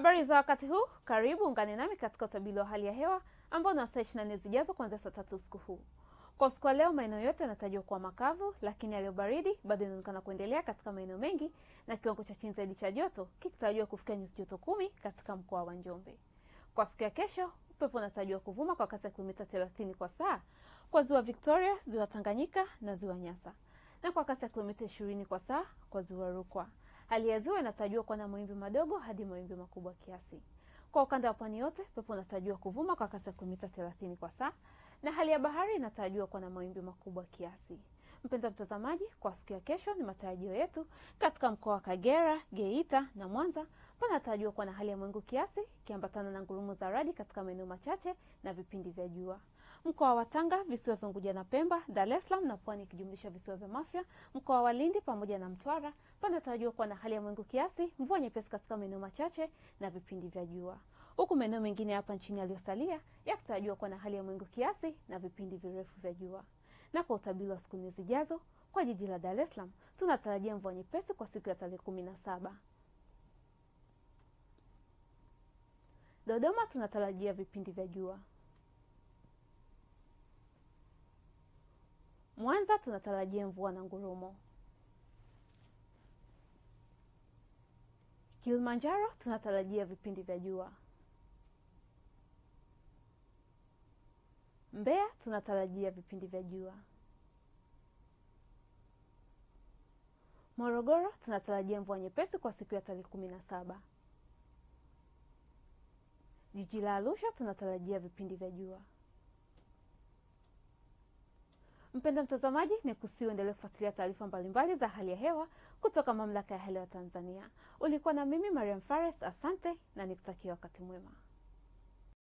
Habari za wakati huu, karibu ungane nami katika utabiri wa hali ya hewa ambao ni wa saa 24 zijazo kuanzia saa tatu usiku huu. Kwa usiku wa leo, maeneo yote yanatarajiwa kuwa makavu, lakini hali ya baridi bado inaonekana kuendelea katika maeneo mengi na kiwango cha chini zaidi cha joto kikitarajiwa kufikia nyuzi joto kumi katika mkoa wa Njombe. Kwa siku ya kesho, upepo unatarajiwa kuvuma kwa kasi ya kilomita 30 kwa saa kwa ziwa Victoria, ziwa Tanganyika na ziwa Nyasa, na kwa kasi ya kilomita ishirini kwa saa kwa ziwa Rukwa. Hali ya ziwa inatarajiwa kuwa na mawimbi madogo hadi mawimbi makubwa kiasi. Kwa ukanda wa pwani yote, pepo inatarajiwa kuvuma kwa kasi ya kilomita 30 kwa saa na hali ya bahari inatarajiwa kuwa na mawimbi makubwa kiasi. Mpendwa mtazamaji, kwa siku ya kesho ni matarajio yetu katika mkoa wa Kagera, Geita na Mwanza panatarajiwa kuwa na hali ya mawingu kiasi ikiambatana na ngurumo za radi katika maeneo machache na vipindi vya jua. Mkoa wa Tanga, visiwa vya Unguja na Pemba, Dar es Salaam na Pwani ikijumlisha visiwa vya Mafia, mkoa wa Lindi pamoja na Mtwara panatarajiwa kuwa na hali ya mawingu kiasi, mvua nyepesi katika maeneo machache na vipindi vya jua, huku maeneo mengine hapa nchini yaliyosalia yakitarajiwa kuwa na hali ya mawingu kiasi na vipindi virefu vya jua. Na kwa utabiri wa siku nne zijazo kwa jiji la Dar es Salaam tunatarajia mvua nyepesi kwa siku ya tarehe kumi na saba. Dodoma tunatarajia vipindi vya jua. Mwanza tunatarajia mvua na ngurumo. Kilimanjaro tunatarajia vipindi vya jua. Mbeya tunatarajia vipindi vya jua. Morogoro tunatarajia mvua nyepesi kwa siku ya tarehe kumi na saba. Jiji la Arusha tunatarajia vipindi vya jua. mpendo mtazamaji, ni kusi uendelee kufuatilia taarifa mbalimbali za hali ya hewa kutoka Mamlaka ya Hali ya Hewa Tanzania. Ulikuwa na mimi Mariam Fares, asante na nikutakia wakati mwema.